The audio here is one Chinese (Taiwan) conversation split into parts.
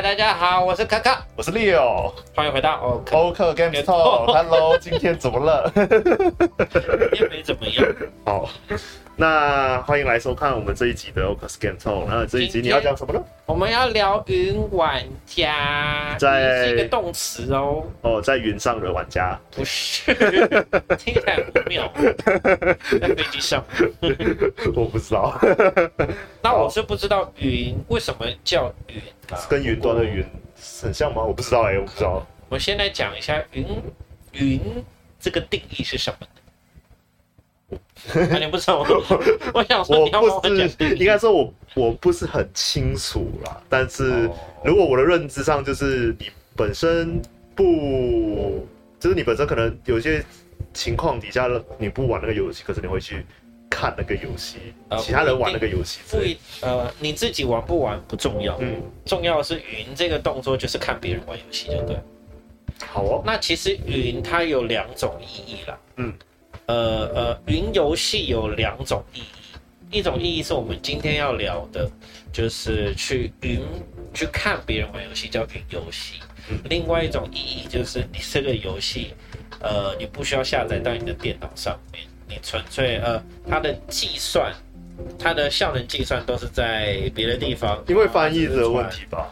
大家好，我是卡卡，我是 Leo，歡迎回到歐克 Game Talk，Hello，今天怎麼了？今天 沒怎麼樣，好。那歡迎來收看我們這一集的《歐克 Game Talk》，那這一集你要講什麼呢？我們要聊雲玩家。在。這是一個動詞哦。哦，在雲上的玩家。不是，聽起來很妙。 在飛機上。我不知道。那我是不知道雲、嗯、為什麼叫雲。跟雲端的雲很像嗎？我不知道哎、欸，我不知道。我先來講一下雲，雲這個定義是什麼？ 啊，你不知道我， 我想說你要我，我不你應該說我，我我不是很清楚啦。但是，如果我的認知上就是你本身不，就是你本身可能有些情況底下你不玩那個遊戲，可是你會去看那個遊戲，呃、其他人玩那個遊戲。你所以呃，你自己玩不玩不重要，嗯，重要的是雲這個動作就是看別人玩遊戲，就對。好哦，那其實雲它有兩種意義啦，嗯。呃呃，雲遊戲有兩種意義，一種意義是我們今天要聊的，就是去雲去看別人玩遊戲叫雲遊戲。嗯，另外一種意義就是你這個遊戲，呃，你不需要下載到你的電腦上面，你純粹呃，它的計算，它的效能計算都是在別的地方。因為翻譯的問題吧，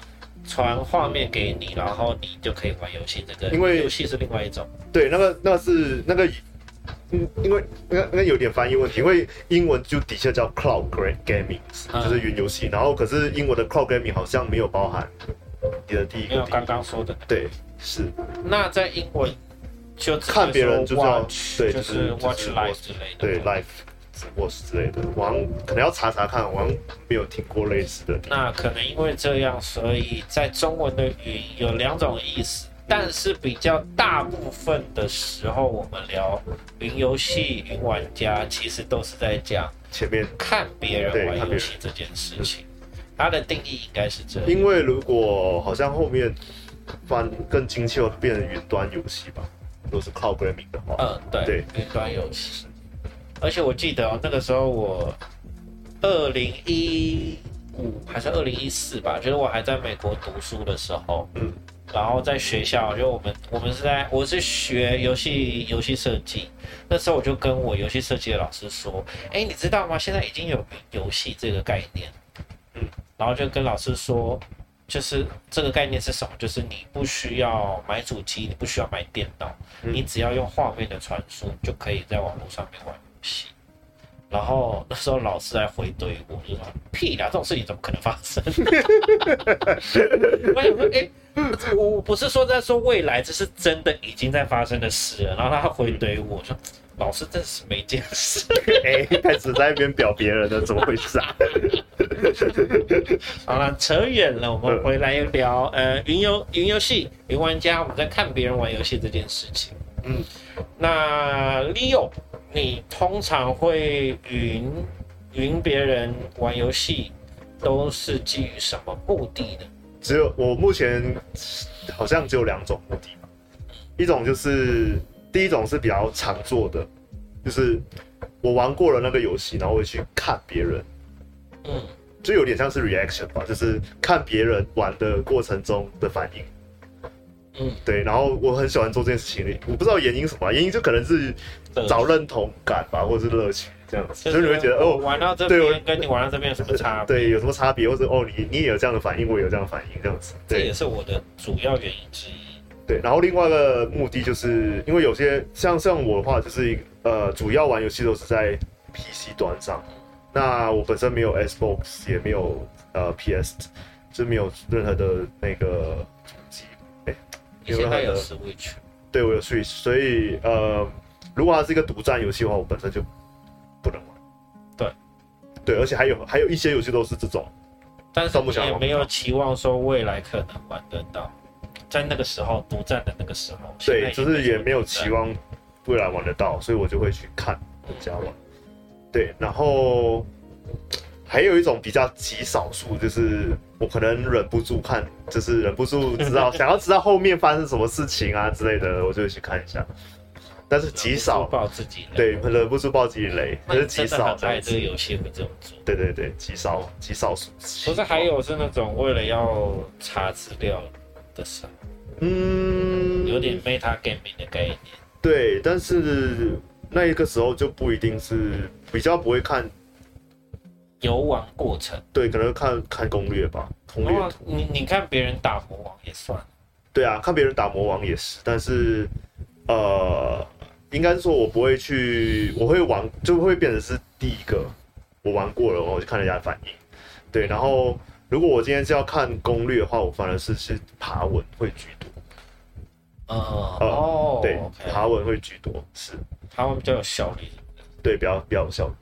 傳畫面給你，然後你就可以玩遊戲。這個因為遊戲是另外一種。對，那個那個是那個。嗯，因為那那有點翻譯問題，因為英文就底下叫 cloud、Great、gaming，就是雲遊戲。嗯、然後可是英文的 cloud gaming 好像沒有包含你的第一個,第一個沒有剛剛說的。對，是。那在英文就 watch, 看別人就叫，就是要對，就是 watch 對 live 之類的，對 live 直播之類的。我可能要查查看，我沒有聽過類似的。那可能因為這樣，所以在中文的雲有兩種意思。但是比較大部分的時候，我們聊雲遊戲、雲玩家，其實都是在講前面看別人玩遊戲這件事情。它的定義應該是這樣，因為如果好像後面翻更精確，變成雲端遊戲吧，都是靠域名的話，嗯，對，對，雲端遊戲。而且我記得，喔，那個時候，我二零一五還是二零一四吧，就是我還在美國讀書的時候，嗯。然後在學校，就我們我們是在我是學遊戲遊戲設計，那時候我就跟我遊戲設計的老師說，誒，你知道嗎？現在已經有遊戲這個概念，嗯，然後就跟老師說，就是這個概念是什麼？就是你不需要買主機，你不需要買電腦，你只要用畫面的傳輸就可以在網絡上面玩遊戲。然後那時候老師還回懟我，我就說：“屁啦，這種事情怎麼可能發生、 欸？”我講說：“哎，我不是說在說未來，這是真的已經在發生的事。”然後他回懟我說：“老師真是沒見識，哎、欸，開始在一邊表別人的 怎麼回事啊？” 好了，扯遠了，我們回來聊、嗯、呃雲遊雲遊戲雲玩家，我們在看別人玩遊戲這件事情。嗯，那 Leo 你通常會云云別人玩遊戲，都是基於什麼目的的？只有我目前好像只有兩種目的，一種就是第一種是比較常做的，就是我玩過了那個遊戲，然後會去看別人，嗯，就有點像是 reaction 吧，就是看別人玩的過程中的反應，嗯，對，然後我很喜歡做這件事情，我不知道原因是什麼，原因就可能是。找認同感吧，或者是樂趣這樣子，所以你會覺得哦，玩到這邊跟你玩到這邊有什麼差別、哦對？對，有什麼差別，或者哦，你你也有這樣的反應，我也有這樣的反應，這樣子，這也是我的主要原因之一。對，然後另外一個目的就是因為有些像像我的話，就是呃，主要玩遊戲都是在 PC 端上，那我本身沒有 Xbox，也沒有呃 PS，就沒有任何的那個主機。哎、欸，以有 Switch，對我有 Switch，所以呃。如果它是一個獨佔遊戲的話，我本身就不能玩。對，對，而且還有還有一些遊戲都是這種，但是不想也沒有期望說未來可能玩得到，在那個時候獨佔的那個時候。對，就是也沒有期望未來玩得到，所以我就會去看人家玩。對，然後還有一種比較極少數，就是我可能忍不住看，就是忍不住知道 想要知道後面發生什麼事情啊之類的，我就去看一下。但是極少，爆自己雷，對，忍不住爆自己雷，可是極少在這個遊戲會這麼做，對對對，極少極少數。少可是還有是那種為了要查資料的時候，嗯，有點 meta gaming 的概念。對，但是那一個時候就不一定是比較不會看遊玩過程，對，可能看看攻略吧，攻略圖。你你看別人打魔王也算，對啊，看別人打魔王也是，但是呃。嗯應該說，我不會去，我會玩，就會變成是第一個。我玩過了，我就看人家的反應。對，然後如果我今天是要看攻略的話，我反而是去爬文會居多。哦、oh, okay. 嗯，對，爬文會居多是，爬文比較有效率。對，比較比較有效率。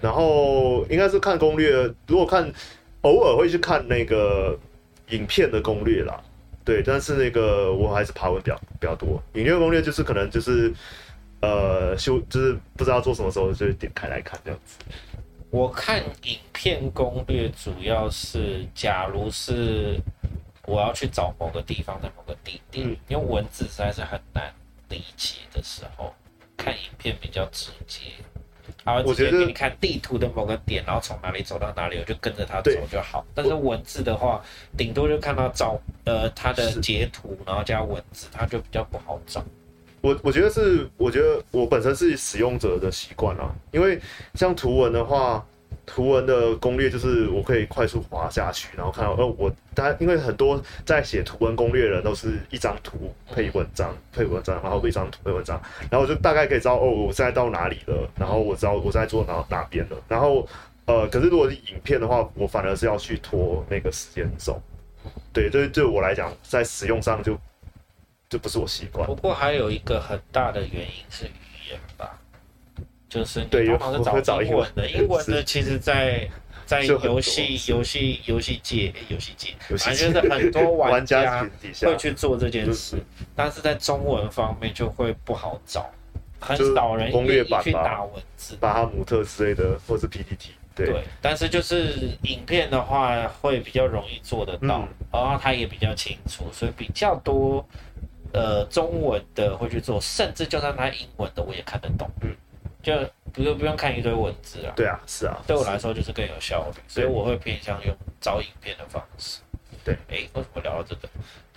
然後應該是看攻略，如果看偶爾會去看那個影片的攻略啦。對，但是那個我還是爬文比較，比較多。影片攻略就是可能就是，呃，修就是不知道做什麼時候就點開來看這樣子。我看影片攻略主要是，假如是我要去找某個地方的某個地點，嗯，因為文字實在是很難理解的時候，看影片比較直接。然後直接給你看地圖的某個點，然後從哪裡走到哪裡，我就跟着它走就好。對但是文字的話，我頂多就看到找呃它的截圖，是然後加文字，它就比較不好找。我我覺得是，我覺得我本身是使用者的習慣啊，因為像圖文的話。圖文的攻略就是我可以快速滑下去，然後看到哦，呃，我但因為很多在寫圖文攻略的人都是一張圖配文章配文章，然後一張圖配文章，然後我就大概可以知道哦，我現在到哪裡了，然後我知道我在做哪哪邊了，然後呃，可是如果是影片的話，我反而是要去拖那個時間走，對，對，對我來講，在使用上就就不是我習慣。不過還有一個很大的原因是語言吧。就是你通常是找英文的，英文的其實，在在遊戲遊戲遊戲界遊戲界，反正就是很多玩家會去做這件事，但是在中文方面就會不好找，很少人願意去打文字，巴哈姆特之類的，或是 PTT，對。但是就是影片的話，會比較容易做得到，然後他也比較清楚，所以比較多呃中文的會去做，甚至就算他英文的，我也看得懂，嗯。就不是不用看一堆文字啊？對啊，是啊，對我來說就是更有效率，啊、所以我會偏向用找影片的方式。對，哎，為什麼聊到這個？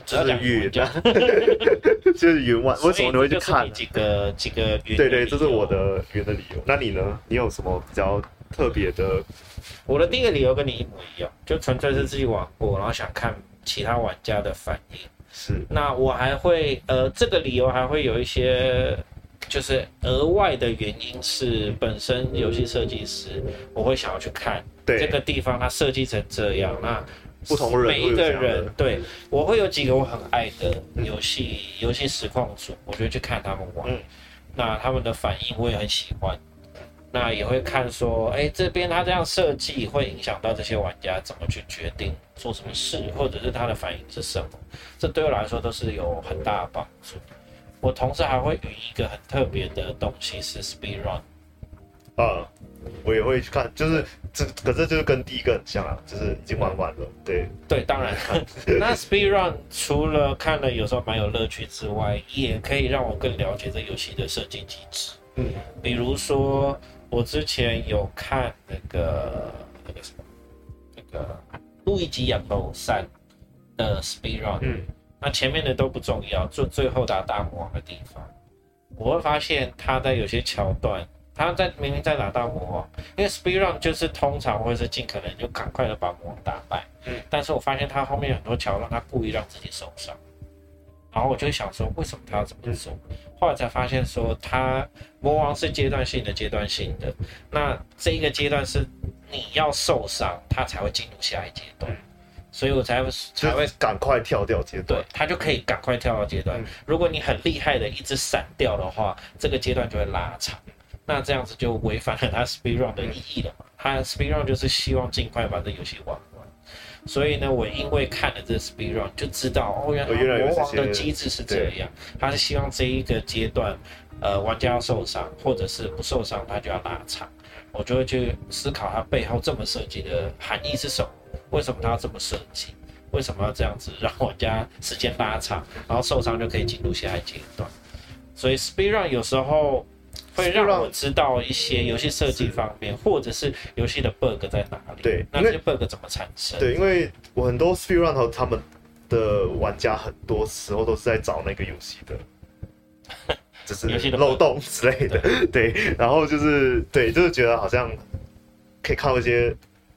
只要講這是雲的、啊，玩家 就是雲玩。為什麼你會去看、啊、這就你幾個？這個對對，這是我的雲的理由。那你呢？你有什麼比較特別的？我的第一個理由跟你一模一樣，就純粹是自己玩過，嗯、然後想看其他玩家的反應。是。那我還會，呃，這個理由還會有一些。嗯就是額外的原因是，本身遊戲設計師，我會想要去看對這個地方他設計成這樣。那不同人每一個人對我會有幾個我很愛的遊戲遊戲實況主，我就會去看他們玩。嗯、那他們的反應我也很喜歡。那也會看說，哎、欸，這邊他這樣設計會影響到這些玩家怎麼去決定做什麼事，或者是他的反應是什麼？這對我來說都是有很大的幫助。嗯嗯我同時還會有一個很特別的東西，是 Speed Run。啊、嗯，我也會去看，就是這，可是這就是跟第一個很像、啊，就是已經玩完了。對對，當然， 那 Speed Run 除了看了有時候蠻有樂趣之外，也可以讓我更了解這遊戲的設計機制。嗯，比如說我之前有看那個那個什麼那個路易吉洋樓三的 Speed Run。嗯。那前面的都不重要，就最後打大魔王的地方，我會發現他在有些橋段，他在明明在打大魔王，因為 speed run 就是通常會是盡可能就趕快的把魔王打敗。嗯，但是我發現他後面很多橋段，他故意讓自己受傷，然後我就想說，為什麼他要這麼去說，嗯、後來才發現說，他魔王是階段性的，階段性的，那這一個階段是你要受傷，他才會進入下一階段。嗯所以我才才會趕快跳掉階段，對，他就可以趕快跳到階段。嗯、如果你很厲害的一直閃掉的話，這個階段就會拉長，那這樣子就違反了他 speed run 的意義了嘛。嗯、他 speed run 就是希望盡快把這遊戲玩完。嗯、所以呢，我因為看了這 speed run，就知道哦，原來魔王的機制是這樣。他是希望這一個階段，呃，玩家要受傷或者是不受傷，他就要拉長。我就會去思考他背後這麼設計的含義是什麼。為什麼他要這麼設計？為什麼要這樣子讓玩家時間拉長，然後受傷就可以進入下一階段？所以 Speed Run 有時候會讓我知道一些遊戲設計方面，是或者是遊戲的 bug 在哪裡，對，那些 bug 怎麼產生對？對，因為我很多 Speed Run 和他們的玩家很多時候都是在找那個遊戲的，就是遊戲的漏洞之類的，對，然後就是對，就是覺得好像可以靠一些。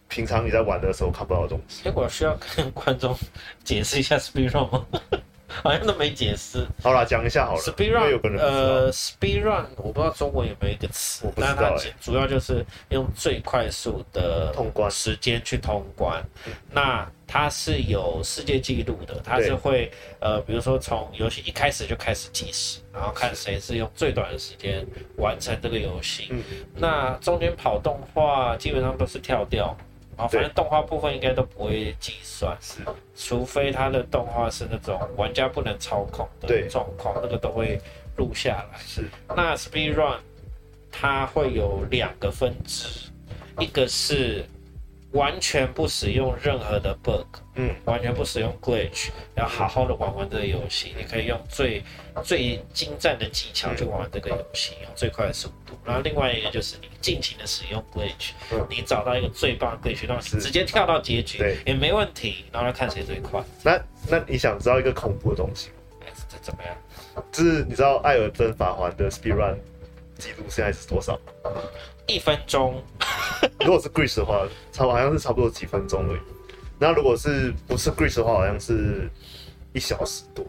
平常你在玩的時候看不到的東西，結果需要跟觀眾解釋一下 speedrun 嗎？ 好像都沒解釋。好了，講一下好了。speedrun，有個人，呃，speedrun，我不知道中文有沒有一個詞。但、欸、它主要就是用最快速的通關時間去通關。通關那它是有世界紀錄的，嗯、它是會對呃，比如說從遊戲一開始就開始計時，然後看誰是用最短的時間完成這個遊戲。是嗯、那中間跑動的話，基本上都是跳掉。嗯啊、哦，反正動畫部分應該都不會計算，是對，除非他的動畫是那種玩家不能操控的狀況，對那個都會錄下來。是，那 Speed Run 它會有兩個分支，一個是。完全不使用任何的 bug 嗯，完全不使用 glitch，要好好的玩玩這個遊戲。你可以用最最精湛的技巧去玩，玩這個遊戲，嗯、用最快的速度。然後另外一個就是你盡情的使用 glitch，、嗯、你找到一個最棒的 glitch，那麼直接跳到結局，也沒問題。然後看誰最快。對是那那你想知道一個恐怖的東西嗎？欸、這,這怎麼樣？就是你知道艾爾登法環的 speedrun 記錄現在是多少？一分鐘， 如果是 Greece 的話，差不多好像是差不多幾分鐘而已。那如果是不是 Greece 的話，好像是一小時多。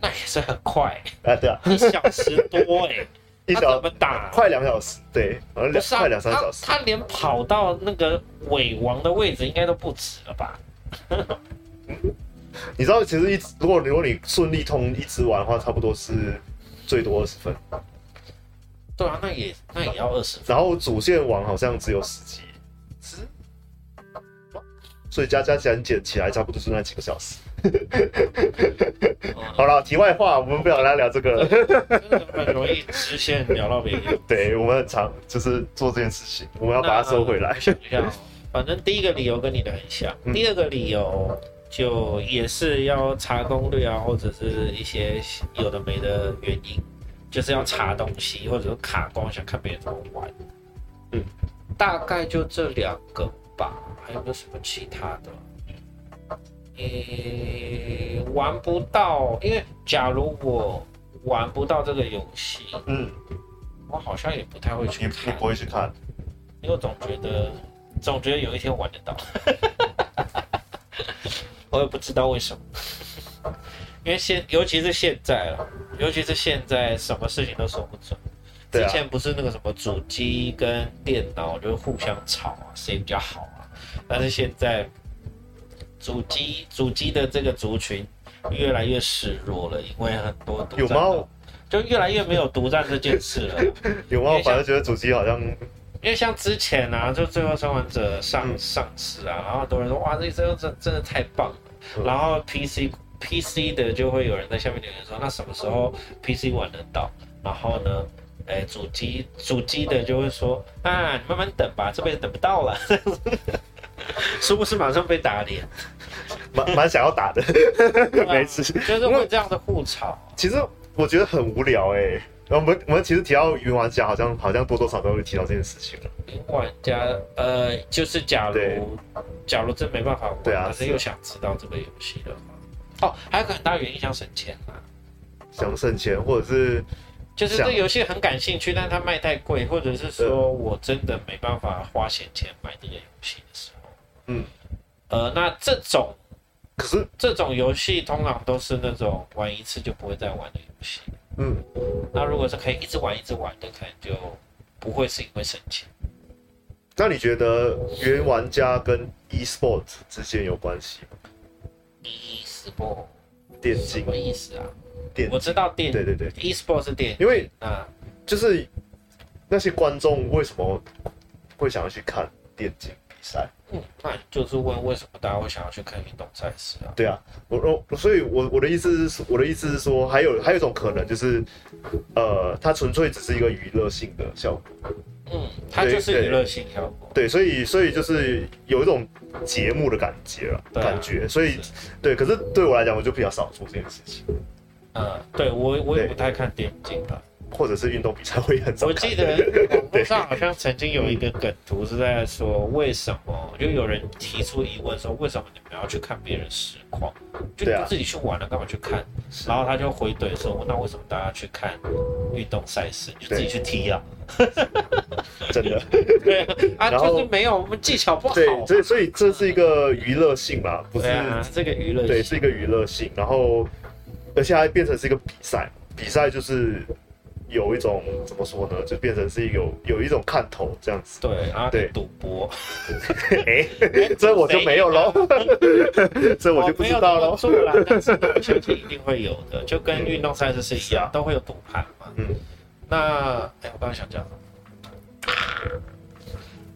那也是很快。啊，對啊，一 小時多，哎、欸，一 小時不打、啊啊，快兩小時，對，好像兩快兩三小時他。他連跑到那個尾王的位置，應該都不止了吧？ 你知道，其實一如果如果你順利通一直玩的話，差不多是最多二十分。對啊，那也那也要二十。然後主線網好像只有十集，十，所以加加減減起來差不多就是那幾個小時。 好了，題外話，我們不要來聊這個，對對對很容易直線聊到別人 對我們很常就是做這件事情，我們要把它收回來。嗯、反正第一個理由跟你的很像，嗯、第二個理由就也是要查攻略啊，或者是一些有的沒的原因。就是要查東西，或者卡關，想看別人怎麼玩。嗯，大概就這兩個吧，還有沒有什麼其他的？誒、欸，玩不到，因為假如我玩不到這個遊戲，嗯，我好像也不太會去看。你不會去看？因為我總覺得，總覺得有一天玩得到。 我也不知道為什麼。因為現尤其是現在了、喔，尤其是現在什麼事情都說不準。對、啊、之前不是那個什麼主機跟電腦就互相吵、啊，誰比較好啊？但是現在主機，主機的這個族群越來越示弱了，因為很多獨佔，有嗎貓？就越來越沒有獨占這件事了。 有嗎貓？我反而覺得主機好像，因為像之前啊，就《最後生還者上》嗯、上上市啊，然後很多人說哇，這這個、這真，真的太棒了，嗯、然後 PC。P C 的就會有人在下面留言說：“那什麼時候 P C 玩得到？”然後呢，哎、欸，主機主機的就會說：“啊，你慢慢等吧，這輩子等不到了。”是 不是馬上被打臉？蠻蠻想要打的，沒事，就是會這樣的互吵。其實我覺得很無聊哎。我們我們其實提到雲玩家好，好像好像多多少少都會提到這件事情。雲玩家呃，就是假如對假如真沒辦法玩，可、啊、是，是又想知道這個遊戲的。哦，還有個很大原因，想省錢啊，想省錢，或者是就是對遊戲很感興趣，對 但它賣太貴，或者是說我真的沒辦法花閒錢買這個遊戲的時候，嗯，呃，那這種可是這種遊戲通常都是那種玩一次就不會再玩的遊戲。嗯，那如果是可以一直玩一直玩的，可能就不會是因為省錢。那你覺得雲玩家跟 eSport 之間有關係嗎？你直播電競什麼意思啊？電競我知道電，對對對，esport 是電，因為啊，就是那些觀眾為什麼會想要去看電競？比賽嗯，那就是問為，為什麼大家會想要去看運動賽事啊？對啊，我我所以我我的意思是，我的意思是說，還有還有一種可能就是，呃，它純粹只是一個娛樂性的效果。嗯，它就是娛樂對對性效果。對，所以所以就是有一種節目的感覺了，對啊，感覺。所以是是對，可是對我來講，我就比較少做這件事情。嗯，對我我也不太看電競吧。或者是運動比賽會很早。我記得網絡上好像曾經有一個梗圖是在說，為什麼就有人提出疑問說，為什麼你們要去看別人實況？就你不自己去玩了，幹嘛去看？然後他就回懟說，那為什麼大家去看運動賽事，你就自己去踢啊？真的對，對啊，然後就是沒有我們技巧不好、啊對，對，所以所以這是一個娛樂性吧，不是這個娛樂性對，是一個娛樂性，然後而且還變成是一個比賽，比賽就是。有一種怎麼說呢，就變成是有有一種看頭這樣子。對啊，對，賭博。哎對、 欸欸，這我就沒有 就了。這我就沒有了。我說不來，但是我相信一定會有的。就跟運動賽事是一樣，對都會有賭盤嘛。嗯、啊。那，欸、我剛剛想講。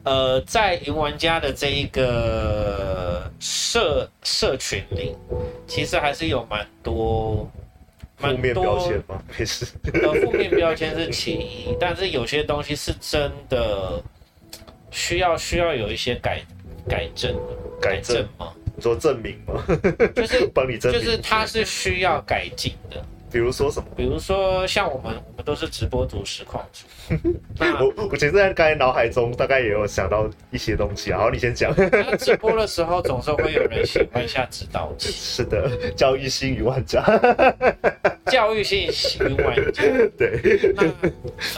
呃，在雲玩家的這一個社社群裡，其實還是有蠻多負面標籤嗎？沒事。呃，負面標籤是其一，但是有些東西是真的需要需要有一些改改正的。改正，改正嗎？做證明嗎？就是幫你證明，就是它是需要改進的。嗯比如說什麼？比如說像我們，我們都是直播主實況主。那 我我其實在剛才腦海中大概也有想到一些東西，然後你先講。 那直播的時候總是會有人喜歡下指導棋。是的，教育新雲玩家。 教育新雲玩家。 對。那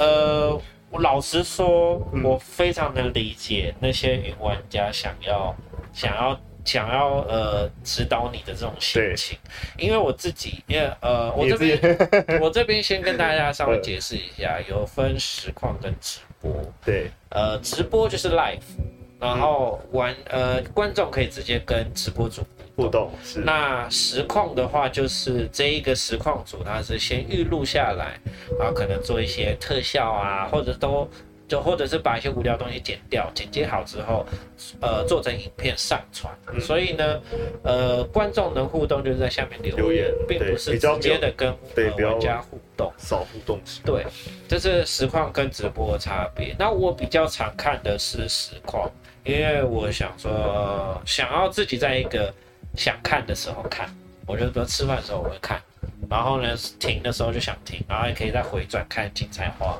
呃，我老實說，嗯、我非常能理解那些雲玩家想要想要。想要呃指導你的這種心情，對因為我自己，因為呃，自我這邊 我這邊先跟大家稍微解釋一下，了有分實況跟直播。對，呃，直播就是 live，然後玩、嗯、呃觀呃觀眾可以直接跟直播主互動。是，那實況的話，就是這一個實況主，它是先預錄下來，然後可能做一些特效啊，或者都。就或者是把一些無聊東西剪掉，剪接好之後，呃，做成影片上傳。嗯、所以呢，呃，觀眾能互動就是在下面留言，留言並不是直接的跟玩家互動。少互動。對，這、就是實況跟直播的差別。那我比較常看的是實況，因為我想說，想要自己在一個想看的時候看，我就比如吃飯的時候我會看。然後呢，停的時候就想停，然後也可以再回轉看精彩畫。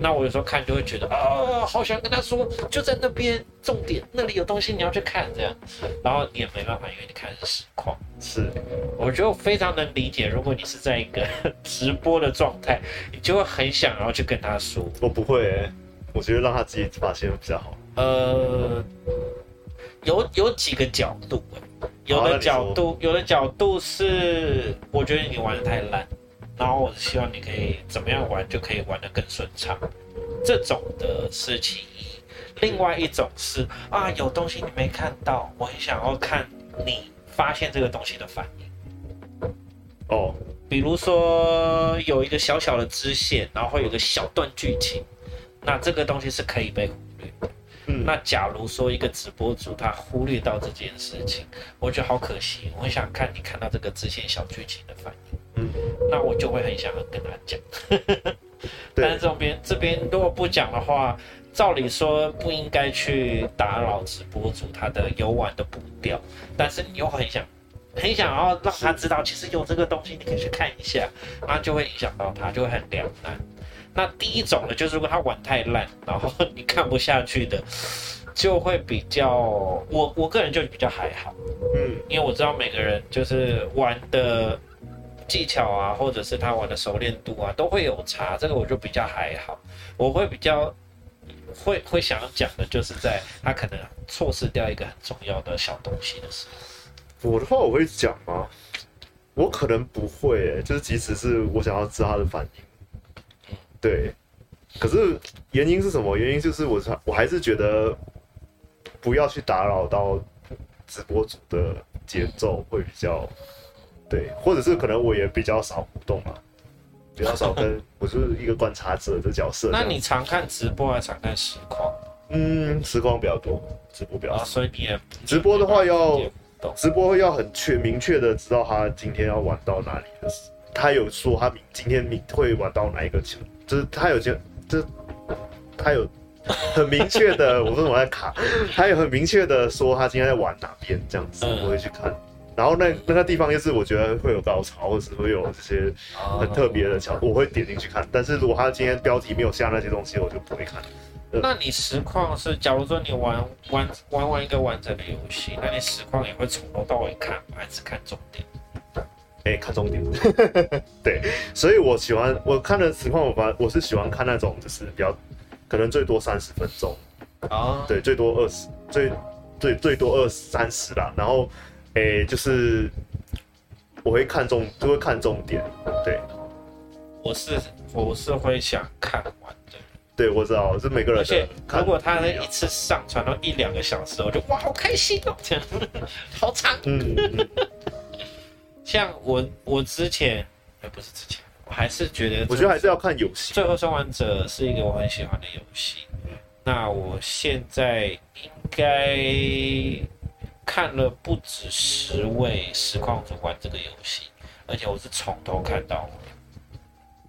那我有時候看就會覺得啊，好想跟他說，就在那邊，重點那裡有東西，你要去看這樣。然後你也沒辦法，因為你看是實況。是，我覺得我非常能理解，如果你是在一個直播的狀態，你就會很想要去跟他說。我不會，我覺得讓他自己發現會比較好。呃，有有幾個角度。有的角度，哦、有的角度是我覺得你玩得太爛，然後我希望你可以怎麼樣玩就可以玩得更順暢，這種的事情。另外一種是、嗯、啊，有東西你沒看到，我很想要看你發現這個東西的反應。哦，比如說有一個小小的支線，然後會有個小段劇情，那這個東西是可以被。嗯，那假如說一個直播主他忽略到這件事情，我覺得好可惜。我想看你看到這個之前小劇情的反應。嗯，那我就會很想要跟他講。 但是這邊對這邊如果不講的話，照理說不應該去打擾直播主他的遊玩的步調，但是你又很想很想要讓他知道，其實有這個東西你可以去看一下，然後是就會影響到他，就會很兩難。那第一種呢，就是如果他玩太爛，然後你看不下去的，就會比較我我個人就比較還好，嗯，因為我知道每個人就是玩的技巧啊，或者是他玩的熟練度啊，都會有差，這個我就比較還好。我會比較會會想要講的，就是在他可能錯失掉一個很重要的小東西的時候。我的話我會講嗎？啊？我可能不會，欸，就是即使是我想要知道他的反應。對，可是原因是什麼？原因就是我，我還是覺得不要去打擾到直播主的節奏會比較對，或者是可能我也比較少互動啊，比較少跟， 我是一個觀察者的角色。那你常看直播還常看實況？嗯，實況比較多，直播比較多。啊，所以你也直播的話要直播要很確明確的知道他今天要玩到哪裡的事，就是，他有說他明今天明會玩到哪一個球。就是他有些，就是他有很明確的， 我說我在卡，他有很明確的說他今天在玩哪邊這樣子，我會去看。嗯、然後那那個地方就是我覺得會有高潮或者會有這些很特別的橋，哦、我會點進去看。但是如果他今天標題沒有下那些東西，我就不會看。那你實況是，假如說你玩玩玩玩一個完整的遊戲，那你實況也會從頭到尾看還是看重點？哎、欸，看重點， 對，所以我喜歡我看的情況，我吧，我是喜歡看那種就是比較可能最多三十分鐘啊、哦，對，最多二十最最多二三十啦，然後哎、欸、就是我會看中就會看重點，對，我是我是會想看完的，對我知道，這每個人，想看，而且如果他能一次上傳到一兩個小時，我就哇好開心哦、喔，這樣，好長，嗯。嗯像我，我之前，哎、欸，不是之前，我還是覺得是，我覺得還是要看遊戲，《最後生還者》是一個我很喜歡的遊戲。那我現在應該看了不止十位實況主玩這個遊戲，而且我是從頭看到尾。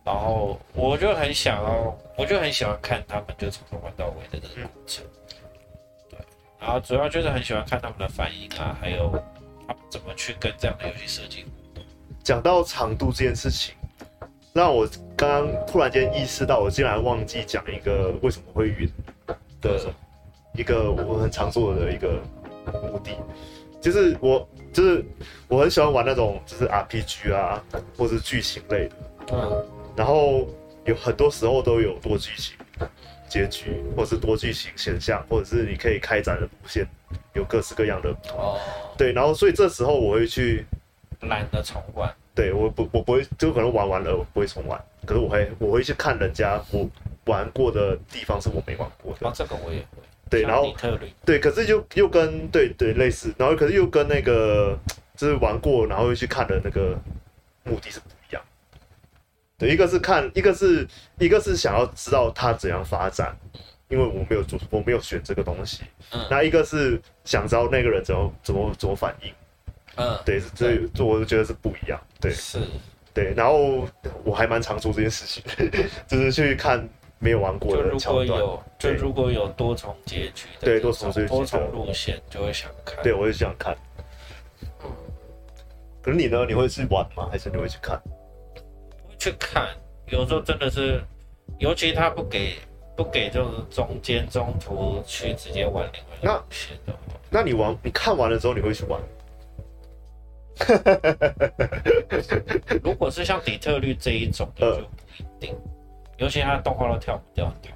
然後我就很想哦，我就很喜歡看他們就從頭玩到尾的這個過程。嗯、對。然後主要就是很喜歡看他們的反應啊，還有。啊、怎麼去跟這樣的遊戲設計？講到長度這件事情，那我剛剛突然間意識到，我竟然忘記講一個為什麼會雲的、嗯、一個我很常做的一個目的，就是我就是我很喜歡玩那種就是 RPG 啊，或是劇情類的，嗯，然後有很多時候都有多劇情結局，或是多劇情選項，或者是你可以開展的路線有各式各樣的哦。對，然後所以這時候我會去懶得重玩。對，我不，我不會，就可能玩完了，我不會重玩。可是我會，我會去看人家我玩過的地方是我沒玩過的。啊，這個我也會。對，然後對，可是又又跟對對類似，然後可是又跟那個就是玩過，然後又去看的那個目的是不一樣。對，一個是看，一個是一個是想要知道它怎樣發展。因為我沒有做，我沒有選這個東西。嗯，那一個是想知道那個人怎麼怎麼怎麼反應。嗯，對，這這，我就覺得是不一樣。對，是，對。然後我還蠻常做這件事情，就是去看沒有玩過的人。如果有，就如果有多重結局，對，多重結局，多重路線，就會想看。對，我就想看。可是你呢？你會去玩嗎？還是你會去看？會去看。有時候真的是，尤其他不給。不給，就是中間中途去直接玩，那那你玩。你看完了之後你會去玩？ 如果是像底特律這一種，就不一定，呃、尤其它動畫都跳不掉對。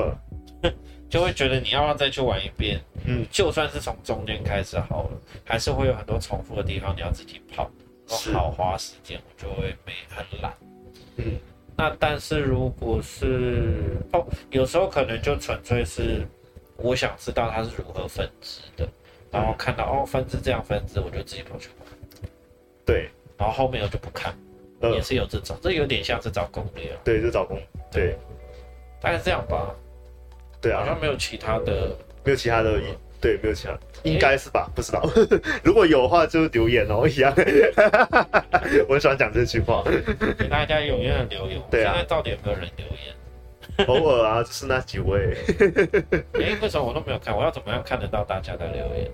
呃、 就會覺得你要不要再去玩一遍，嗯，就算是從中間開始好了，還是會有很多重複的地方，你要自己跑，都好花時間，我就會沒很懶。嗯。那但是如果是哦，有時候可能就純粹是我想知道它是如何分支的，然後看到、嗯、哦分支這樣分支，我就自己跑去買。對，然後後面我就不看，呃、也是有這種，這有點像是找攻略哦。對，就找攻略。對，大概這樣吧。對啊。好像沒有其他的，沒有其他的而已。嗯對，沒有錢，應該是吧？欸、不知道，如果有的話就留言哦，喔，一樣。對對對 我很喜歡講這句話。給大家踴躍留言，對啊，到底有沒有人留言？偶爾啊，就是那幾位。哎、 欸，為什麼我都沒有看？我要怎麼樣看得到大家的留言？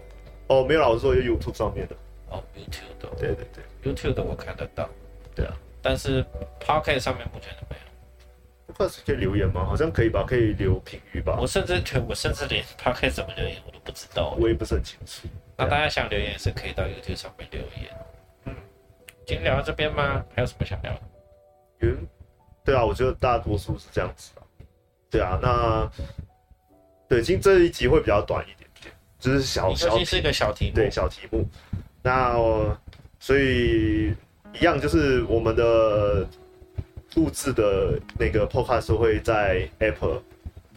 哦，沒有，我是說 YouTube 上面的。哦，YouTube 的哦。對對對，YouTube 的我看得到。對啊，但是 Podcast 上面目前都沒有。Podcast 可以留言嗎？好像可以吧，可以留評語吧。我甚至，我甚至連 Podcast 怎麼留言我都。不知道，我也不是很清楚。啊、那大家想留言也是可以到 YouTube 上面留言。嗯，今天聊到這邊嗎？嗯、還有什麼想聊的？雲。對啊，我覺得大多數是這樣子。對啊，那今天這一集會比較短一點點，就是小小是一個小題目，題目。對，小題目。嗯、那所以一樣就是我們的錄制的那個 Podcast 會在 Apple。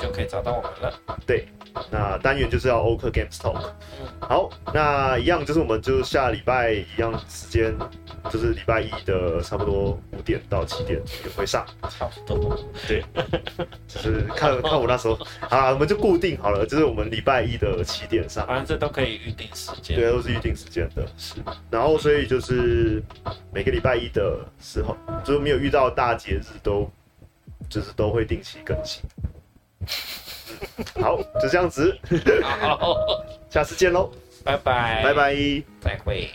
就可以找到我們了。對，那單元就是要歐克 Game Talk。 嗯、 好，那一樣就是，我們就下禮拜一樣時間，就是禮拜一的差不多五點到七點就會上。差不多。對。 就是看看我那時候啊， 我們就固定好了，就是我們禮拜一的七點上。反正這都可以預定時間。對，都是預定時間的。是。然後所以就是每個禮拜一的時候，就是沒有遇到大節日都就是都會定期更新。 好，就這樣子， 下次見嘍，拜拜，拜拜，再會。